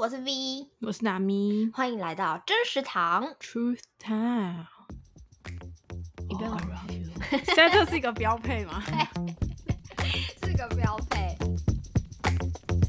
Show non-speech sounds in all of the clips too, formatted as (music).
我是 V，我是打咪，歡迎來到真實堂。Truth Town，oh, (laughs) 現在就是一個標配嘛 (laughs) ？是個標配。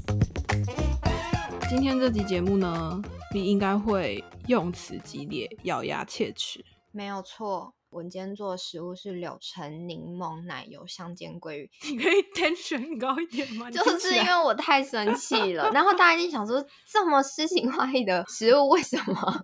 (laughs) 今天這集節目呢，你應該會用詞激烈，咬牙切齒。沒有錯。我今天做的食物是柳橙檸檬奶油香煎鮭魚，你可以 tension 高一點嗎？就是因為我太生氣了， (laughs) 然後大家一定想說這麼詩情畫意的食物，為什麼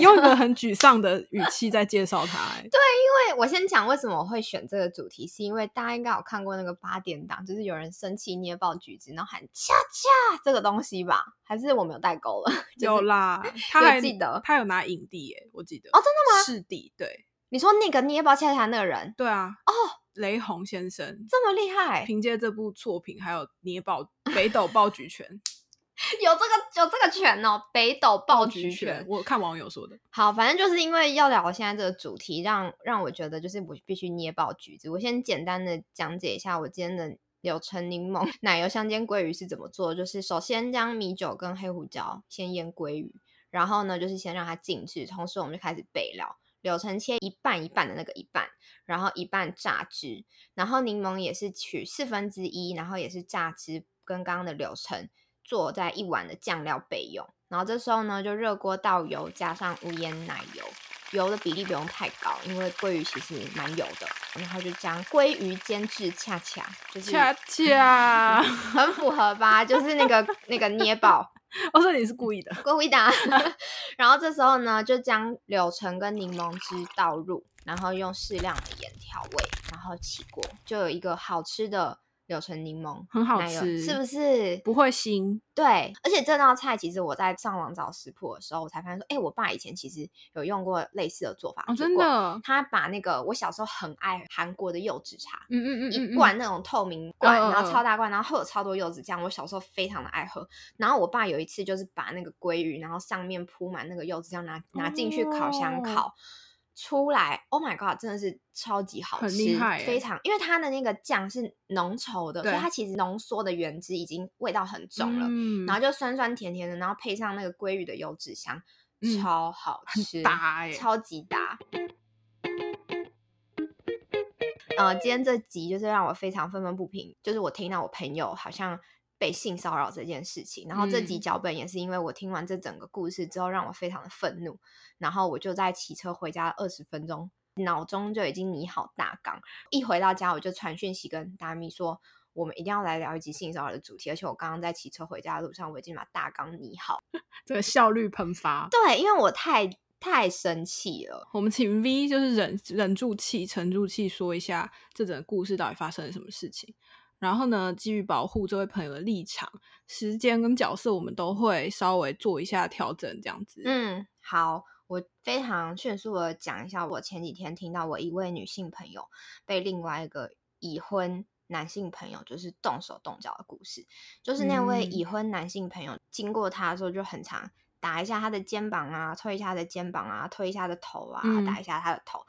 用一個很沮喪的語氣在介紹它，欸？ (laughs) 對，因為我先講為什麼我會選這個主題，是因為大家應該有看過那個八點檔，就是有人生氣捏爆橘子，然後喊恰恰這個東西吧？還是我沒有代溝了，就是？有啦，他還記得他有拿影帝耶，欸，我記得哦。真的嗎？是帝，對。你說那個捏爆恰恰那個人？對啊，哦、oh,，雷洪先生這麼厲害，憑借這部作品還有捏爆北斗爆橘拳，有這個有這個拳哦，北斗爆橘拳，我看網友說的。好，反正就是因為要聊現在這個主題，讓讓我覺得就是我必須捏爆橘子。我先簡單的講解一下我今天的柳橙檸檬奶油香煎鮭魚是怎麼做，就是首先將米酒跟黑胡椒先醃鮭魚，然後呢就是先讓它靜置，同時我們就開始備料。柳橙切一半，一半的那個一半，然後一半榨汁，然後檸檬也是取四分之一，然後也是榨汁，跟剛剛的柳橙做在一碗的醬料備用。然後這時候呢，就熱鍋倒油，加上無鹽奶油，油的比例不用太高，因為鮭魚其實蠻油的。然後就將鮭魚煎至恰恰，就是，恰恰， (laughs) 很符合吧？就是那個 (laughs) 那個捏爆。我說你是故意的，故意的。 (laughs) 然後這時候呢，就將柳橙跟檸檬汁倒入，然後用適量的鹽調味，然後起鍋，就有一個好吃的。柳橙檸檬很好吃奶油，是不是？不會腥。對，而且這道菜其實我在上網找食譜的時候，我才發現說，哎，我爸以前其實有用過類似的做法。哦，真的？他把那個我小時候很愛韓國的柚子茶，嗯嗯嗯，一罐那種透明罐、嗯嗯，然後超大罐，然後有超多柚子醬，我小時候非常的愛喝。然後我爸有一次就是把那個鮭魚，然後上面鋪滿那個柚子醬，拿拿進去烤箱烤。哦出來，Oh my god，真的是超級好吃，很厲害耶，非常，因為它的那個醬是濃稠的，所以它其實濃縮的原汁已經味道很重了，嗯，然後就酸酸甜甜的，然後配上那個鮭魚的油脂香，嗯，超好吃，大超級搭，嗯。呃，今天這集就是讓我非常憤憤不平，就是我聽到我朋友好像被性騷擾這件事情，然後這集腳本也是因為我聽完這整個故事之後，讓我非常的憤怒。然後我就在騎車回家二十分鐘，腦中就已經擬好大綱。一回到家，我就傳訊息跟打咪說：“我們一定要來聊一集性騷擾的主題。”而且我剛剛在騎車回家的路上，我已經把大綱擬好，這個效率噴發。對，因為我太太生氣了。我們請 V 就是忍忍住氣、沉住氣，說一下這整個故事到底發生了什麼事情。然後呢，基於保護這位朋友的立場、時間跟角色，我們都會稍微做一下調整，這樣子。嗯，好，我非常迅速的講一下，我前幾天聽到我一位女性朋友被另外一個已婚男性朋友就是動手動腳的故事，就是那位已婚男性朋友經過她的時候就很常。打一下他的肩膀啊，推一下他的肩膀啊，推一下他的頭啊，打一下他的頭。嗯，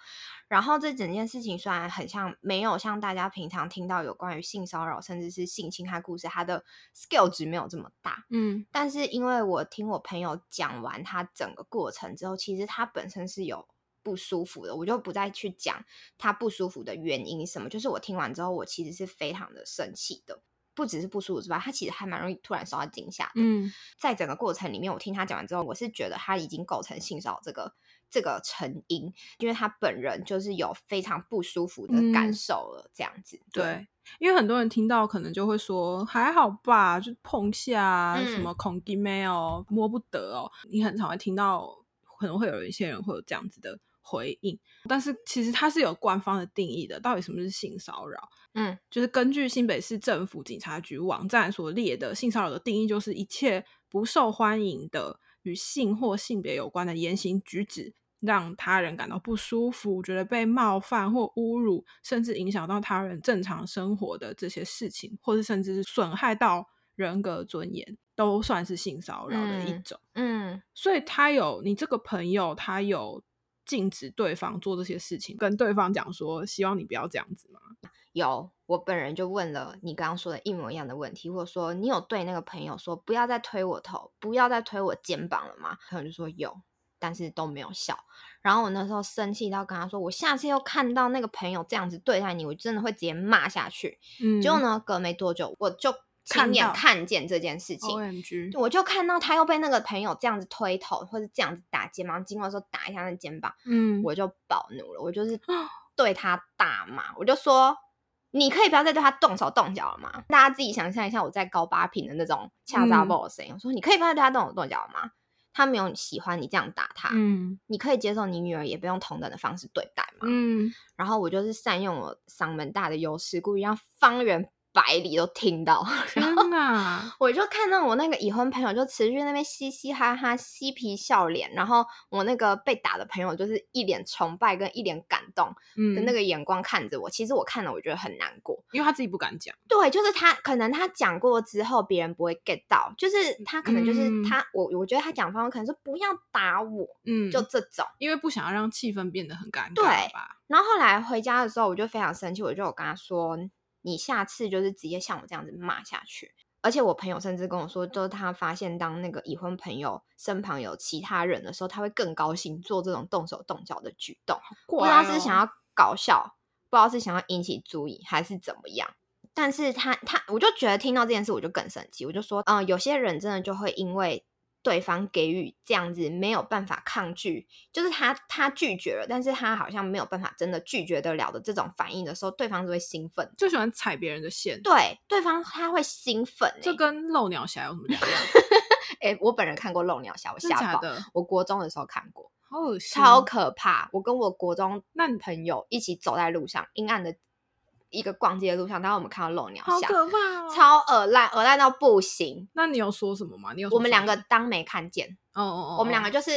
然後這整件事情雖然很像沒有像大家平常聽到有關於性騷擾甚至是性侵害故事，他的 scale 值沒有這麼大。嗯，但是因為我聽我朋友講完他整個過程之後，其實他本身是有不舒服的，我就不再去講他不舒服的原因什麼。就是我聽完之後，我其實是非常的生氣的。不只是不舒服之外，他其實還蠻容易突然受到驚嚇。嗯，在整個過程裡面，我聽他講完之後，我是覺得他已經構成性騷擾這個這個成因，因為他本人就是有非常不舒服的感受了。這樣子，嗯對，對，因為很多人聽到可能就會說還好吧，就碰下，什麼恐 Email，喔嗯，摸不得哦，喔。你很常會聽到，可能會有一些人會有這樣子的回應，但是其實它是有官方的定義的，到底什麼是性騷擾？嗯，就是根據新北市政府警察局網站所列的性騷擾的定義，就是一切不受歡迎的與性或性別有關的言行舉止，讓他人感到不舒服，覺得被冒犯或侮辱，甚至影響到他人正常生活的這些事情，或者甚至是損害到人格尊嚴，都算是性騷擾的一種。嗯，嗯，所以他有，你這個朋友，他有禁止對方做這些事情，跟對方講說，希望你不要這樣子嘛？有，我本人就問了你剛剛說的一模一樣的問題，或者說你有對那個朋友說不要再推我頭，不要再推我肩膀了嗎？朋友就說有，但是都沒有效。然後我那時候生氣到跟他說，我下次又看到那個朋友這樣子對待你，我真的會直接罵下去。嗯，結果呢，隔沒多久，我就親眼看見這件事情、OMG，我就看到他又被那個朋友這樣子推頭，或者這樣子打肩膀，經過說打一下那肩膀，嗯，我就暴怒了，我就是對他大罵，我就說。你可以不要再對他動手動腳了嗎？大家自己想象一下，我在高八品的那種恰扎暴的聲音，我、嗯、說，你可以不要再對他動手動腳了嗎？他沒有喜歡你這樣打他，嗯，你可以接受你女兒也不用同等的方式對待嗎？嗯，然後我就是善用我嗓門大的優勢，故意讓方圓。百裡都聽到，然後呢，我就看到我那個已婚朋友就持續在那邊嘻嘻哈哈、嬉皮笑臉，然後我那個被打的朋友就是一臉崇拜跟一臉感動的那個眼光看着我。嗯、其實我看了，我覺得很難過，因為他自己不敢講。對，就是他可能他講過之後別人不會 get 到，就是他可能就是他、嗯、我我覺得他講的方法可能是不要打我，嗯，就這種，因為不想要讓氣氛變得很尷尬吧對。然後後來回家的時候，我就非常生氣，我就有跟他說。你下次就是直接像我這樣子罵下去，而且我朋友甚至跟我說，就是他發現當那個已婚朋友身旁有其他人的時候，他會更高興做這種動手動腳的舉動，哦，不知道是想要搞笑，不知道是想要引起注意還是怎麼樣。但是他他，我就覺得聽到這件事我就更生氣，我就說，嗯、呃，有些人真的就會因為對方給予這樣子沒有辦法抗拒，就是他他拒絕了，但是他好像沒有辦法真的拒絕得了的這種反應的時候，對方就會興奮，就喜歡踩別人的線。對，對方他會興奮、欸，這跟露鳥俠有什麼兩樣的？哎、 (laughs) 欸，我本人看過露鳥俠，的的我嚇到，我國中的時候看過，好噁心，超可怕。我跟我國中男朋友一起走在路上，陰暗的。一個逛街的路上，然後我們看到漏鳥俠，好可怕、哦，超惡、呃、心，惡、呃、心到不行。那你有說什麼嗎？你有說我們兩個當沒看見。哦哦哦，我們兩個就是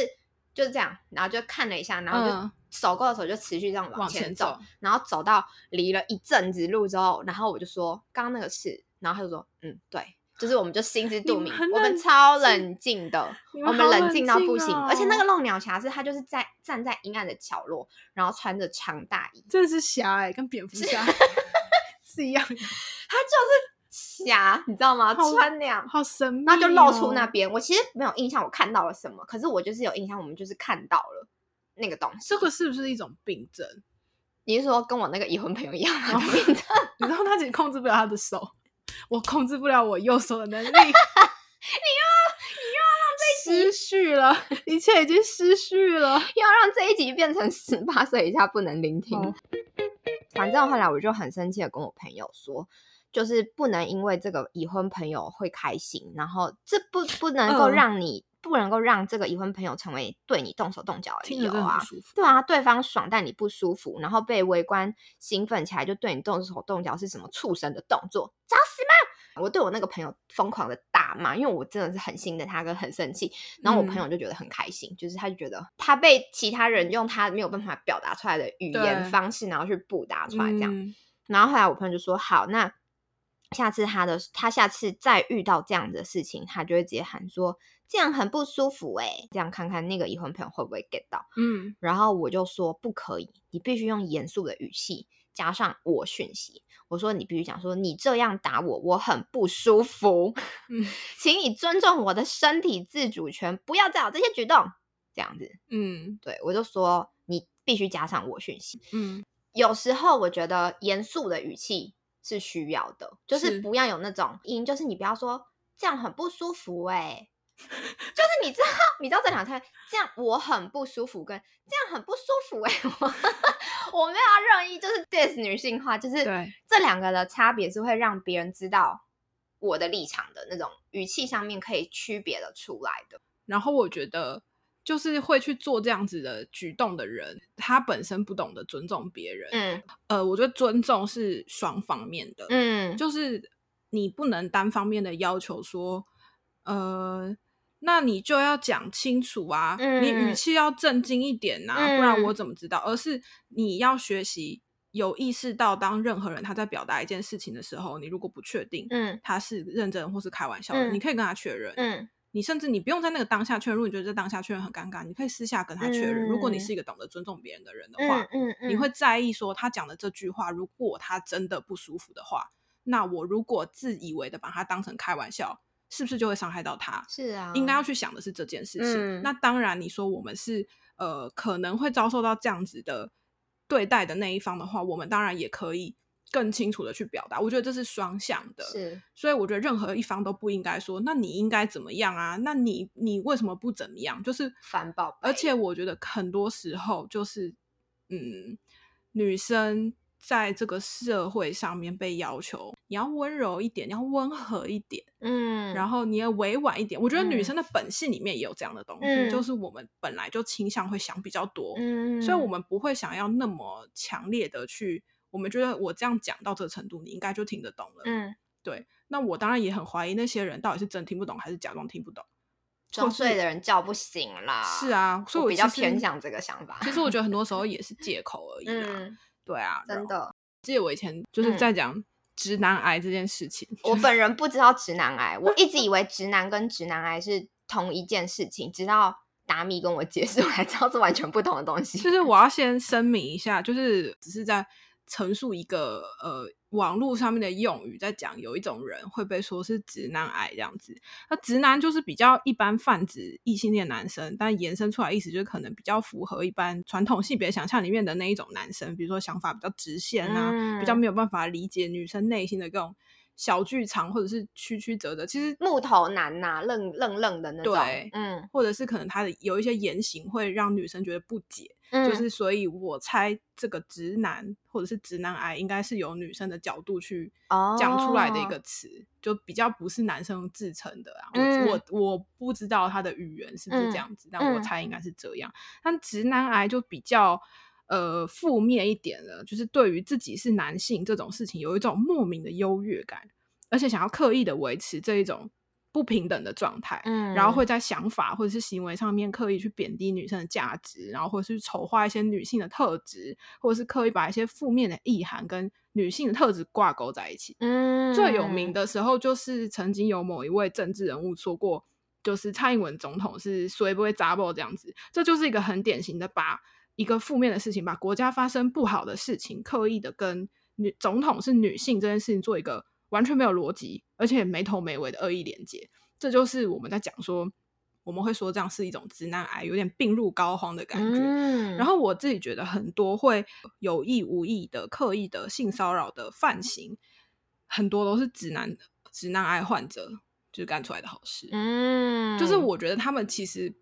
就是這樣，然後就看了一下，嗯、然後就走過的時候就持續這樣往前，往前走，然後走到離了一陣子路之後，然後我就說剛剛那個是，然後他就說嗯對，就是我們就心知肚明，我們超冷靜的，我們冷靜到不行，而且那個漏鳥俠是他就是在站在陰暗的角落，然後穿着長大衣，真的是俠哎、欸，跟蝙蝠俠。是一樣，它就是瞎，你知道嗎？穿那樣好，好神秘、哦，那就露出那邊。我其實沒有印象，我看到了什麼。可是我就是有印象，我們就是看到了那個東西。這個是不是一種病症？你是說跟我那個已婚朋友一樣的病症？哦、 (laughs) 你知道他其實控制不了他的手，我控制不了我右手的能力。 (laughs) 你要，你要讓這一集失去了一切，已經失去了，又要讓這一集變成十八歲以下不能聆聽。哦反正後來我就很生氣的跟我朋友說，就是不能因為這個已婚朋友會開心，然後這不不能夠讓你、嗯、不能夠讓這個已婚朋友成為對你動手動腳的理由啊！對啊，對方爽但你不舒服，然後被圍觀興奮起來就對你動手動腳，是什麼畜生的動作？我對我那個朋友瘋狂的大罵，因為我真的是很心疼他跟很生氣。然後我朋友就覺得很開心、嗯，就是他就覺得他被其他人用他沒有辦法表達出來的語言方式，然後去表達出來這樣、嗯。然後後來我朋友就說：“好，那下次他的他下次再遇到這樣的事情，他就會直接喊說這樣很不舒服哎、欸，這樣看看那個已婚朋友會不會 get 到。”嗯，然後我就說不可以，你必須用嚴肅的語氣。加上我訊息，我說你必須講說，你這樣打我，我很不舒服，嗯，請你尊重我的身體自主權，不要再有這些舉動，這樣子，嗯，對，我就說你必須加上我訊息，嗯，有時候我覺得嚴肅的語氣是需要的，就是不要有那種音，是因就是你不要說這樣很不舒服哎、欸。 (laughs) 你知道，你知道這兩天這樣我很不舒服跟，跟這樣很不舒服哎、欸，我我沒有要任意就是，這是女性化，就是這兩個的差別是會讓別人知道我的立場的那種語氣上面可以區別的出來的。然後我覺得就是會去做這樣子的舉動的人，他本身不懂得尊重別人。嗯，呃，我覺得尊重是雙方面的，嗯，就是你不能單方面的要求說，呃。那你就要講清楚啊，嗯、你語氣要正經一點吶、啊嗯，不然我怎麼知道？而是你要學習有意識到，當任何人他在表達一件事情的時候，你如果不確定，他是認真或是開玩笑的人、嗯，你可以跟他確認、嗯。你甚至你不用在那個當下確認，如果你覺得在當下確認很尷尬，你可以私下跟他確認、嗯。如果你是一個懂得尊重別人的人的話、嗯嗯嗯，你會在意說他講的這句話，如果他真的不舒服的話，那我如果自以為的把他當成開玩笑，是不是就會傷害到他？是啊，應該要去想的是這件事情。嗯、那當然，你說我們是呃可能會遭受到這樣子的對待的那一方的話，我們當然也可以更清楚的去表達。我覺得這是雙向的，是。所以我覺得任何一方都不應該說，那你應該怎麼樣啊？那你你為什麼不怎麼樣？就是反寶。而且我覺得很多時候就是，嗯，女生。在這個社會上面被要求，你要溫柔一點，你要溫和一點，嗯，然後你要委婉一點。我覺得女生的本性裡面也有這樣的東西，嗯、就是我們本來就傾向會想比較多，嗯，所以我們不會想要那麼強烈的去，嗯。我們覺得我這樣講到這個程度，你應該就聽得懂了，嗯，對。那我當然也很懷疑那些人到底是真聽不懂還是假裝聽不懂，裝睡的人叫不醒啦，是啊，所以我，我比較偏向這個想法。其實我覺得很多時候也是借口而已啦。嗯對啊，真的。記得我以前就是在講直男癌這件事情，嗯，我本人不知道直男癌，我一直以為直男跟直男癌是同一件事情，直到打咪跟我解釋，我才知道是完全不同的東西。就是我要先聲明一下，就是只是在陳述一個呃。網絡上面的用語，在講有一種人會被說是直男癌這樣子。那直男就是比較一般泛指異性戀男生，但延伸出來意思就是可能比較符合一般傳統性別想象裡面的那一種男生，比如說想法比較直線啊，嗯、比較沒有辦法理解女生內心的這種小劇場或者是曲曲折折，其實木頭男吶、啊，愣愣愣的那種，對，嗯，或者是可能他的有一些言行會讓女生覺得不解。 (noise) 就是，所以我猜這個直男或者是直男癌，應該是由女生的角度去講出來的一個詞，Oh. 就比較不是男生自稱的啊、嗯。我我我不知道他的語言是不是這樣子，嗯、但我猜應該是這樣、嗯。但直男癌就比較呃負面一點了，就是對於自己是男性這種事情有一種莫名的優越感，而且想要刻意的維持這一種。不平等的狀態，然後會在想法或者是行為上面刻意去貶低女生的價值，然後或者是醜化一些女性的特質，或者是刻意把一些負面的意涵跟女性的特質掛鈎在一起。嗯，最有名的時候就是曾經有某一位政治人物說過，就是蔡英文總統是誰不會砸破，這樣子，這就是一個很典型的把一個負面的事情，把國家發生不好的事情，刻意的跟女總統是女性這件事情做一個。完全沒有邏輯，而且沒頭沒尾的惡意連接，這就是我們在講說，我們會說這樣是一種直男癌，有點病入膏肓的感覺。嗯、然後我自己覺得，很多會有意無意的、刻意的性騷擾的犯行，很多都是直男直男癌患者就是幹出來的好事、嗯。就是我覺得他們其實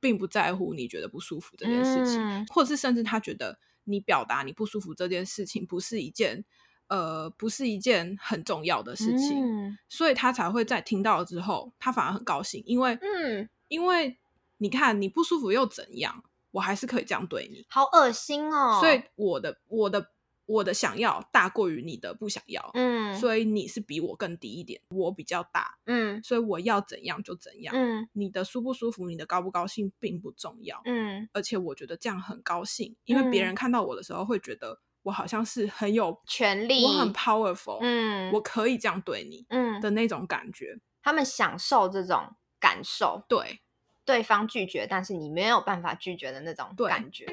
並不在乎你覺得不舒服這件事情，嗯、或者是甚至他覺得你表達你不舒服這件事情不是一件。呃，不是一件很重要的事情，嗯，所以他才會在聽到之後，他反而很高興，因為，嗯，因為你看你不舒服又怎樣，我還是可以這樣對你，好噁心哦。所以我的我的我的想要大過於你的不想要，嗯，所以你是比我更低一點，我比較大，嗯，所以我要怎樣就怎樣，嗯，你的舒不舒服，你的高不高興並不重要，嗯，而且我覺得這樣很高興，因為別人看到我的時候會覺得。嗯我好像是很有權力，我很 powerful，嗯，我可以這樣對你，嗯的那種感覺、嗯。他們享受這種感受，對，對方拒絕，但是你沒有辦法拒絕的那種感覺。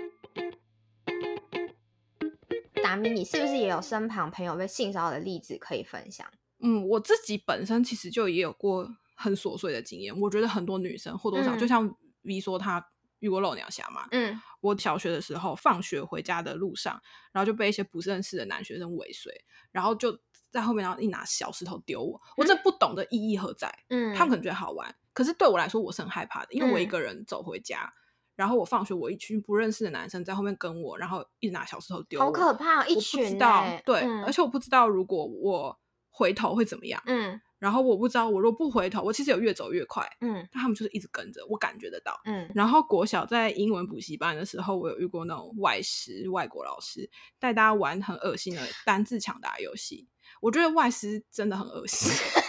達米，你是不是也有身旁朋友被性騷擾的例子可以分享？嗯，我自己本身其實就也有過很瑣碎的經驗。我覺得很多女生或多或少、嗯，就像 V 說，她遇過露鳥俠嘛，嗯。我小學的時候，放學回家的路上，然後就被一些不認識的男學生尾隨，然後就在後面，然後一拿小石頭丟我。我真的不懂得意義何在。嗯，他們可能覺得好玩，可是對我來說我是很害怕的，因為我一個人走回家，嗯、然後我放學我一群不認識的男生在後面跟我，然後一拿小石頭丟我，好可怕！一群、欸我不知道，對、嗯，而且我不知道如果我回頭會怎麼樣。嗯。然後我不知道，我若不回頭，我其實有越走越快，嗯，但他們就是一直跟着，我感覺得到，嗯。然後國小在英文補習班的時候，我有遇過那種外師，外國老師帶大家玩很噁心的單字搶答遊戲，我覺得外師真的很噁心。 (laughs)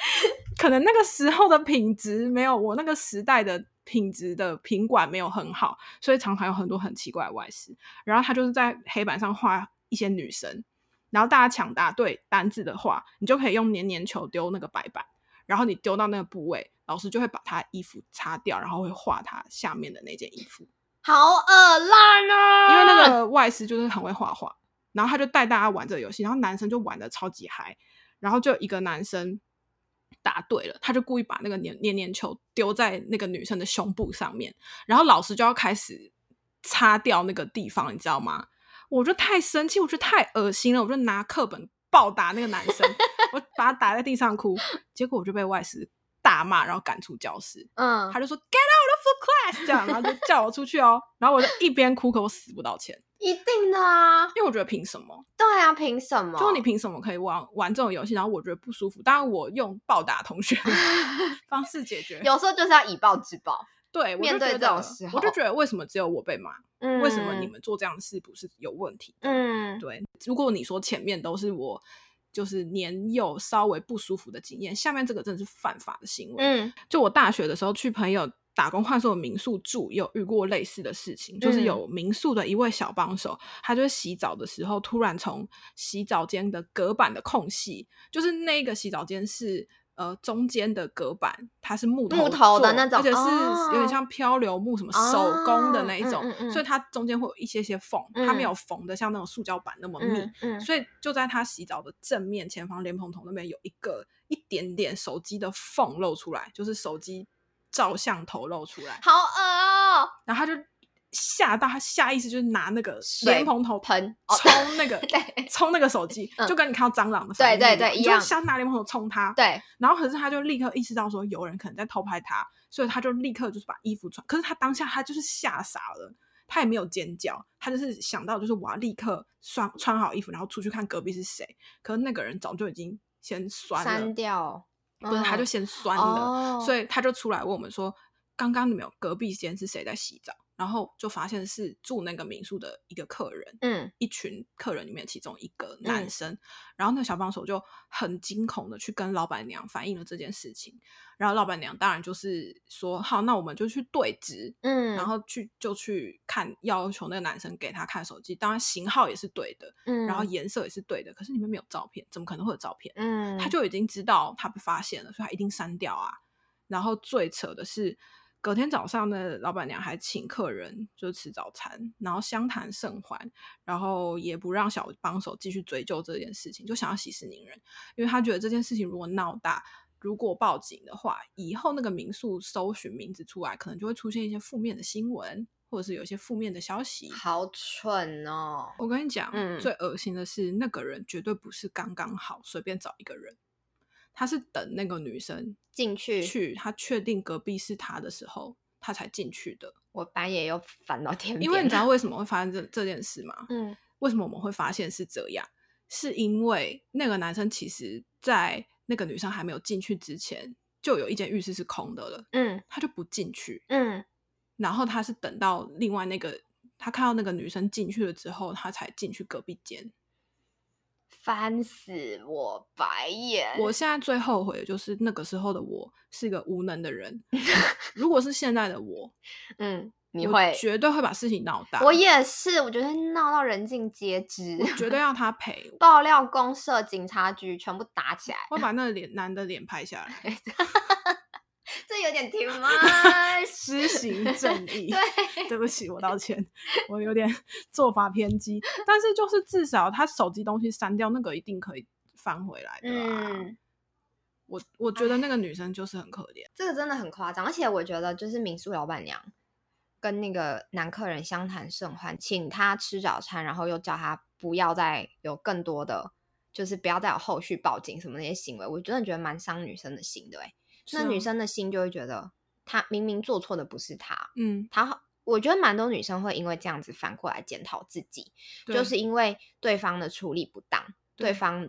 (laughs) 可能那個時候的品質沒有我那個時代的品質的品管沒有很好，所以常常有很多很奇怪的外師。然後他就是在黑板上畫一些女生。然後大家搶答對單字的話，你就可以用黏黏球丟那個白板，然後你丟到那個部位，老師就會把他衣服擦掉，然後會畫他下面的那件衣服。好惡爛啊！因為那個外師就是很會畫畫，然後他就帶大家玩這個遊戲，然後男生就玩得超級嗨，然後就一個男生答對了，他就故意把那個黏黏黏球丟在那個女生的胸部上面，然後老師就要開始擦掉那個地方，你知道嗎？我就太生氣，我覺得太噁心了，我就拿課本暴打那個男生，我把他打在地上哭， (laughs) 結果我就被外師大罵，然後趕出教室。嗯，他就說 Get out of the class 這樣，然後就叫我出去哦， (laughs) 然後我就一邊哭，可我死不道歉。一定的啊，因為我覺得憑什麼？對啊，憑什麼？就你憑什麼可以玩玩這種遊戲，然後我覺得不舒服，當然我用暴打的同學方式解決。 (laughs) 有時候就是要以暴制暴。對,面對，我就覺得，我就覺得，為什麼只有我被罵、嗯？為什麼你們做這樣的事不是有問題的？嗯，對。如果你說前面都是我，就是年幼稍微不舒服的經驗，下面這個真的是犯法的行為。嗯，就我大學的時候去朋友打工換宿的民宿住，有遇過類似的事情，就是有民宿的一位小幫手、嗯，他就洗澡的時候突然從洗澡間的隔板的空隙，就是那個洗澡間是。呃，中間的隔板它是木頭，木頭的，那種，而且是有點像漂流木什麼手工的那一種，哦，所以它中間會有一些些縫，嗯，它沒有縫的像那種塑膠板那麼密，嗯，所以就在它洗澡的正面前方蓮蓬頭那邊有一個一點點手機的縫露出來，就是手機照相頭露出來，好惡哦。然後他就。嚇到他，下意識就是拿那個蓮蓬頭噴沖那個沖那個手機， (laughs) 就跟你看到蟑螂的、嗯、對對對一樣，想拿蓮蓬頭沖他。對，然後可是他就立刻意識到說有人可能在偷拍他，所以他就立刻就是把衣服穿。可是他當下他就是嚇傻了，他也沒有尖叫，他就是想到就是我要立刻穿穿好衣服，然後出去看隔壁是誰。可是那個人早就已經先刪了、掉，不、嗯、他就先刪了、哦，所以他就出來問我們說：“剛剛你們有隔壁間是誰在洗澡？”然後就發現是住那個民宿的一個客人，嗯，一群客人裡面其中一個男生，嗯、然後那個小幫手就很驚恐的去跟老板娘反映了這件事情，然後老板娘當然就是說好，那我們就去對質，嗯，然後去就去看要求那個男生給他看手機，當然型號也是對的，嗯，然後顏色也是對的，可是裡面沒有照片，怎麼可能會有照片？嗯，他就已經知道他被發現了，所以他一定刪掉啊，然後最扯的是。隔天早上呢，老闆娘還請客人就吃早餐，然後相談甚歡，然後也不讓小幫手繼續追究這件事情，就想要息事寧人，因為他覺得這件事情如果鬧大，如果報警的話，以後那個民宿搜尋名字出來，可能就會出現一些負面的新聞，或者是有一些負面的消息。好蠢哦！我跟你講，嗯，最噁心的是那個人絕對不是剛剛好，隨便找一個人。他是等那個女生進去去，他確定隔壁是他的時候，他才進去的。我半夜又煩惱天。因為你知道為什麼會發生這這件事嗎？嗯。為什麼我們會發現是這樣？是因為那個男生其實在那個女生還沒有進去之前，就有一間浴室是空的了。嗯。他就不進去。嗯。然後他是等到另外那個，他看到那個女生進去了之後，他才進去隔壁間。翻死我！白眼！我現在最後悔的就是那個時候的我是一個無能的人。 (laughs) 如果是現在的我，嗯，你會絕對會把事情鬧大。我也是，我覺得鬧到人盡皆知，我絕對要他賠。爆料公社、警察局全部打起來。會把那臉男的臉拍下來。 (laughs) 這有點甜嗎？施行正義。 (laughs) 對，對不起，我道歉，我有點做法偏激。但是就是至少他手機東西刪掉那個一定可以翻回來的、啊。嗯，我我覺得那個女生就是很可憐、哎。這個真的很誇張，而且我覺得就是民宿老板娘跟那個男客人相談甚歡，請他吃早餐，然後又叫他不要再有更多的，就是不要再有後續報警什麼那些行為，我真的覺得蠻傷女生的心的、欸那女生的心就會覺得，她明明做錯的不是她，嗯，她好，我覺得蠻多女生會因為這樣子反過來檢討自己，就是因為對方的處理不當，對，對方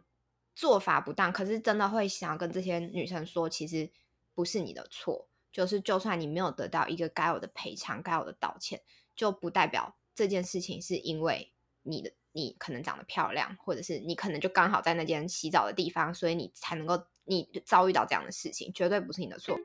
做法不當，可是真的會想要跟這些女生說，其實不是你的錯，就是就算你沒有得到一個該有的賠償，該有的道歉，就不代表這件事情是因為你的。你可能長得漂亮，或者是你可能就剛好在那間洗澡的地方，所以你才能夠你遭遇到這樣的事情，絕對不是你的錯。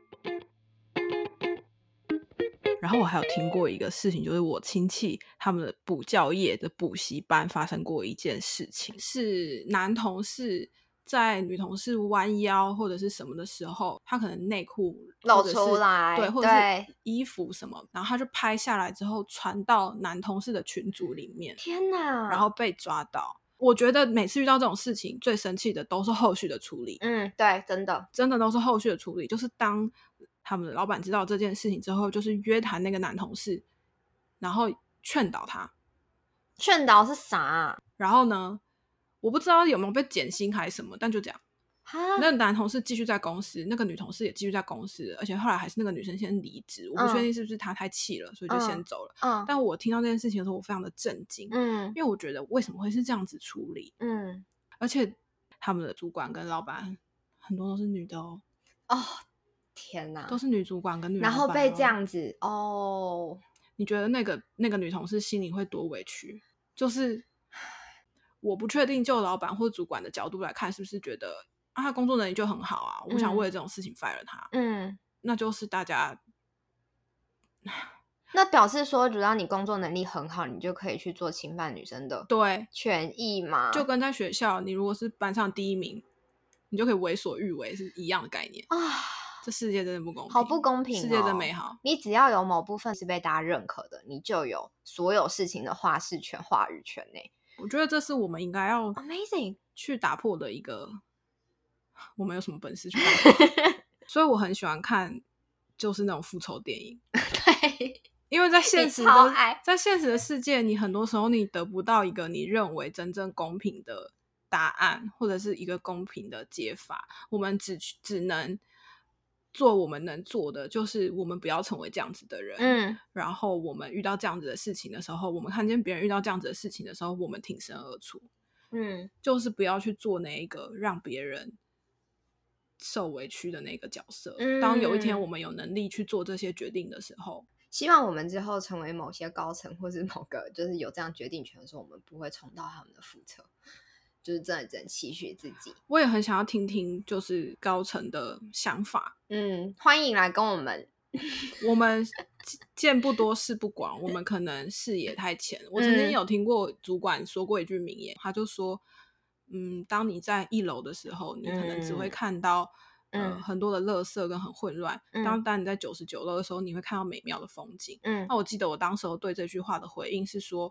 然後我還有聽過一個事情，就是我親戚他們的補教業的補習班發生過一件事情，是男同事，在女同事彎腰或者是什麼的時候，她可能內褲露出來，對，或者是衣服什麼，然後他就拍下來之後傳到男同事的群組裡面，天哪！然後被抓到，我覺得每次遇到這種事情，最生氣的都是後續的處理。嗯，對，真的，真的都是後續的處理。就是當他們的老闆知道這件事情之後，就是約談那個男同事，然後勸導他，勸導是啥啊？然後呢？我不知道有沒有被減薪還是什麼，但就這樣，那男同事繼續在公司，那個女同事也繼續在公司，而且後來還是那個女生先離職、嗯。我不確定是不是她太氣了，所以就先走了、嗯嗯。但我聽到這件事情的時候，我非常的震驚、嗯。因為我覺得為什麼會是這樣子處理？嗯、而且他們的主管跟老闆很多都是女的哦。哦，天哪，都是女主管跟女老闆、哦，然後被這樣子哦。你覺得那個那個女同事心裡會多委屈？就是。我不確定就老闆或主管的角度來看，是不是覺得啊，他工作能力就很好啊？我想為了這種事情 fire 他，嗯，嗯，那就是大家 (laughs) 那表示說，只要你工作能力很好，你就可以去做侵犯女生的對權益嘛？就跟在學校，你如果是班上第一名，你就可以為所欲為是一樣的概念啊。這世界真的不公平，好不公平哦，世界真美好。你只要有某部分是被大家認可的，你就有所有事情的話事權、話語權呢！我覺得這是我們應該要去打破的一個。我們有什麼本事去打破，所以我很喜歡看，就是那種復仇電影。對，因為在現實中，在現實的世界，你很多時候你得不到一個你認為真正公平的答案，或者是一個公平的解法。我們只只能，做我們能做的，就是我們不要成為這樣子的人、嗯。然後我們遇到這樣子的事情的時候，我們看見別人遇到這樣子的事情的時候，我們挺身而出。嗯，就是不要去做那一個讓別人受委屈的那個角色、嗯。當有一天我們有能力去做這些決定的時候，希望我們之後成為某些高層或是某個就是有這樣決定權的時候，我們不會重蹈他們的覆轍。就是真的，真期許自己。我也很想要聽聽，就是高層的想法。嗯，歡迎來跟我們。 (laughs) 我們見不多，識不廣，我們可能視野太淺。我曾經有聽過主管說過一句名言，嗯、他就說：“嗯，當你在一樓的時候，你可能只會看到、嗯、呃很多的垃圾跟很混亂、嗯；當當你在九十九樓的時候，你會看到美妙的風景。”嗯，那我記得我當時候對這句話的回應是說。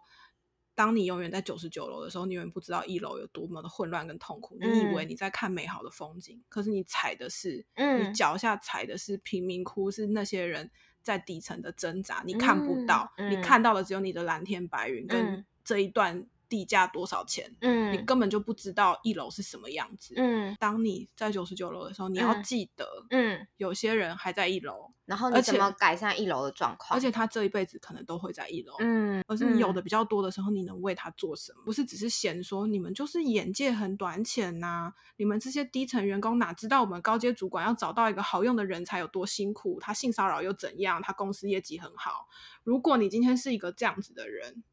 當你永遠在九十九樓的時候，你永遠不知道一樓有多麼的混亂跟痛苦。你以為你在看美好的風景，嗯、可是你踩的是，嗯、你腳下踩的是貧民窟，是那些人在底層的掙扎。你看不到，嗯、你看到的只有你的藍天白雲跟這一段。底價多少錢？嗯，你根本就不知道一樓是什麼樣子。嗯，當你在九十九樓的時候，你要記得，嗯，有些人還在一樓、嗯嗯，然後而且你怎麼改善一樓的狀況，而且他這一輩子可能都會在一樓。嗯，而是你有的比較多的時候，你能為他做什麼？嗯、不是只是嫌說你們就是眼界很短淺吶、啊？你們這些低層員工哪知道我們高階主管要找到一個好用的人才有多辛苦？他性騷擾又怎樣？他公司業績很好。如果你今天是一個這樣子的人。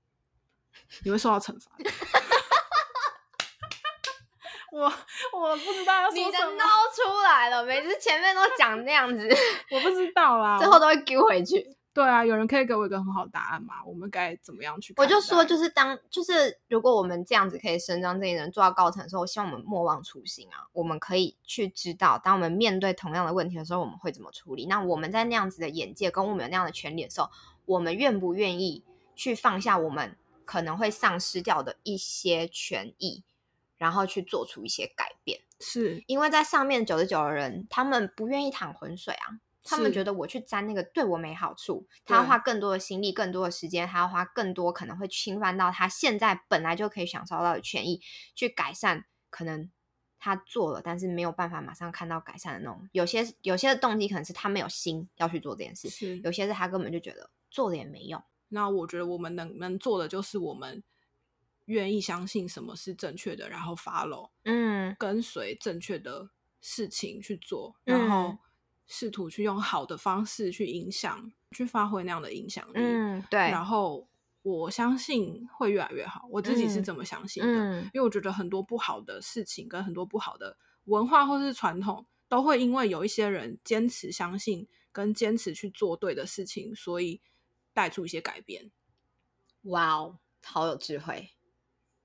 你會受到懲罰 (laughs) (laughs) 我我不知道要說什麼。你的腦、no、出來了， (laughs) 每次前面都講那樣子， (laughs) 我不知道啦。最後都會丟回去。對啊，有人可以給我一個很好的答案嗎？我們該怎麼樣去？我就說，就是當，就是如果我們這樣子可以伸張這些人做到高層的時候，我希望我們莫忘初心啊。我們可以去知道，當我們面對同樣的問題的時候，我們會怎麼處理？那我們在那樣子的眼界跟我們有那樣的權力的時候，我們願不願意去放下我們可能會喪失掉的一些權益，然後去做出一些改變，是因為在上面九十九的人，他們不願意淌渾水啊，他們覺得我去沾那個對我沒好處，他要花更多的心力、更多的時間，他要花更多，可能會侵犯到他現在本來就可以享受到的權益，去改善可能他做了，但是沒有辦法馬上看到改善的那種。有些有些的動機可能是他沒有心要去做這件事，是有些是他根本就覺得做了也沒用。那我覺得我們能能做的就是我們願意相信什麼是正確的，然後 follow，嗯，跟隨正確的事情去做，嗯，然後試圖去用好的方式去影響，去發揮那樣的影響力，嗯，對。然後我相信會越來越好。我自己是這麼相信的，嗯，因為我覺得很多不好的事情跟很多不好的文化或是傳統，都會因為有一些人堅持相信跟堅持去做對的事情，所以。帶出一些改變，哇哦，好有智慧！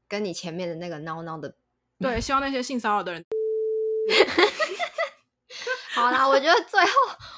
跟你前面的那個孬孬的，對，希望那些性騷擾的人。 (laughs) (laughs) 好啦，我覺得最後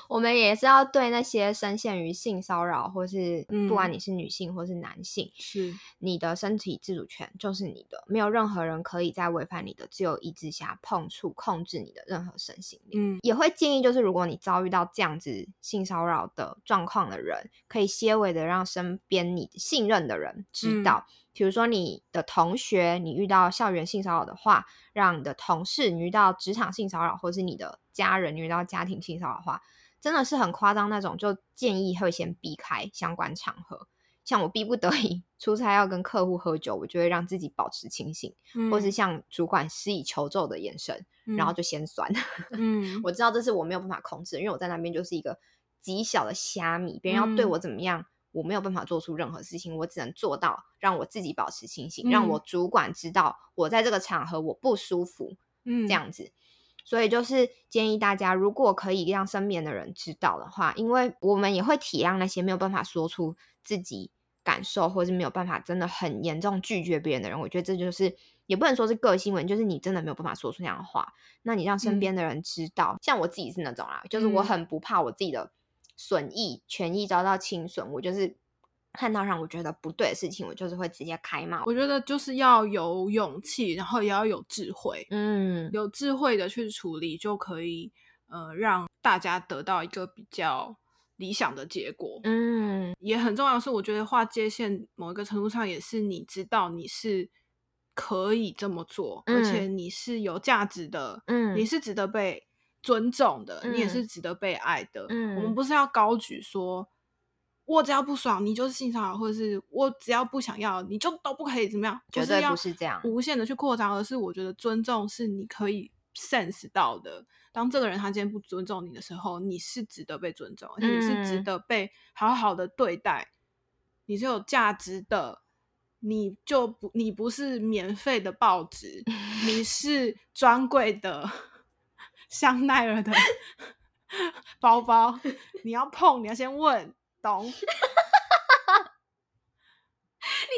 我們也是要對那些深陷於性騷擾，或是不管你是女性或是男性，嗯、是你的身體自主權就是你的，沒有任何人可以在違反你的自由意志下碰觸、控制你的任何身心。嗯，也會建議就是，如果你遭遇到這樣子性騷擾的狀況的人，可以些微的讓身邊你信任的人知道。嗯比如說你的同學，你遇到校園性騷擾的話，讓你的同事；你遇到職場性騷擾，或是你的家人，遇到家庭性騷擾的話，真的是很誇張那種。就建議會先避開相關場合。像我逼不得已出差要跟客戶喝酒，我就會讓自己保持清醒，嗯、或是向主管施以求救的眼神、嗯，然後就先算、 (laughs) 嗯。我知道這是我沒有辦法控制，因為我在那邊就是一個極小的蝦米，別人要對我怎麼樣？我沒有辦法做出任何事情，我只能做到讓我自己保持清醒，嗯、讓我主管知道我在這個場合，我不舒服，嗯，這樣子、嗯。所以就是建議大家，如果可以讓身邊的人知道的話，因為我們也會體諒那些沒有辦法說出自己感受，或者是沒有辦法真的很嚴重拒絕別人的人，我覺得這就是也不能說是個性問題，就是你真的沒有辦法說出那樣的話。那你讓身邊的人知道、嗯，像我自己是那種啦，就是我很不怕我自己的、嗯。損益權益遭到侵損，我就是看到讓我覺得不對的事情，我就是會直接開罵。我覺得就是要有勇氣，然後也要有智慧，嗯，有智慧的去處理，就可以呃讓大家得到一個比較理想的結果。嗯，也很重要的是，我覺得畫界線，某一個程度上也是你知道你是可以這麼做，嗯、而且你是有價值的，嗯，你是值得被。尊重的，你也是值得被愛的，嗯。我們不是要高舉說，我只要不爽，你就是性騷擾，或者是我只要不想要，你就都不可以怎麼樣？絕對不是這樣，就是，要無限的去擴張，而是我覺得尊重是你可以 sense 到的。當這個人他今天不尊重你的時候，你是值得被尊重，而且你是值得被好好的對待，嗯，你是有價值的。你就不，你不是免費的報紙，你是專櫃的。 (laughs) 香奈兒的包包，你要碰，你要先問，懂？ (laughs) 你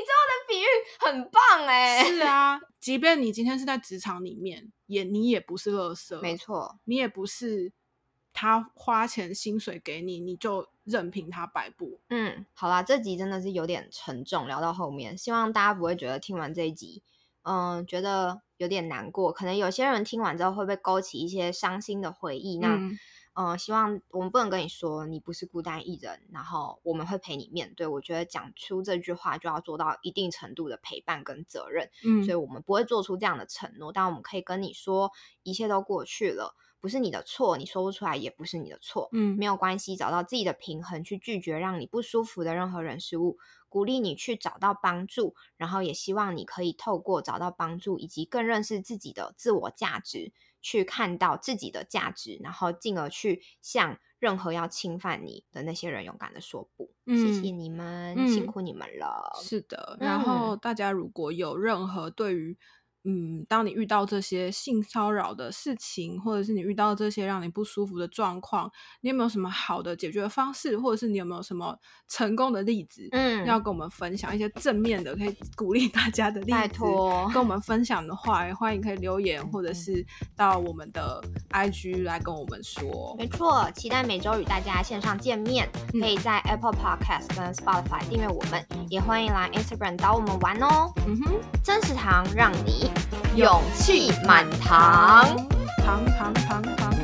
做的比喻很棒哎、欸。是啊，即便你今天是在職場裡面，也你也不是垃圾，沒錯，你也不是他花錢薪水給你，你就任憑他擺布。嗯，好啦，這集真的是有點沉重，聊到後面，希望大家不會覺得聽完這一集，嗯，覺得。有點難過，可能有些人聽完之後會被勾起一些傷心的回憶。嗯、那，嗯、呃，希望我們不能跟你說你不是孤單一人，然後我們會陪你面對。我覺得講出這句話就要做到一定程度的陪伴跟責任。嗯，所以我們不會做出這樣的承諾，但我們可以跟你說一切都過去了，不是你的錯，你說不出來也不是你的錯。嗯，沒有關係，找到自己的平衡，去拒絕讓你不舒服的任何人事物。鼓勵你去找到幫助，然後也希望你可以透過找到幫助，以及更認識自己的自我價值，去看到自己的價值，然後進而去向任何要侵犯你的那些人勇敢的說不。嗯，謝謝你們，嗯，辛苦你們了。是的，然後大家如果有任何對於。嗯，當你遇到這些性騷擾的事情，或者是你遇到這些讓你不舒服的狀況，你有沒有什麼好的解決方式，或者是你有沒有什麼成功的例子，嗯，要跟我們分享一些正面的，可以鼓勵大家的例子。拜托，跟我們分享的話，也歡迎可以留言嗯嗯，或者是到我們的 IG 來跟我們說。沒錯，期待每周與大家線上見面，嗯，可以在 Apple Podcast 跟 Spotify 訂閱我們，嗯、也歡迎來 Instagram 找我們玩哦。嗯哼，真實堂讓你勇氣滿堂。堂堂堂堂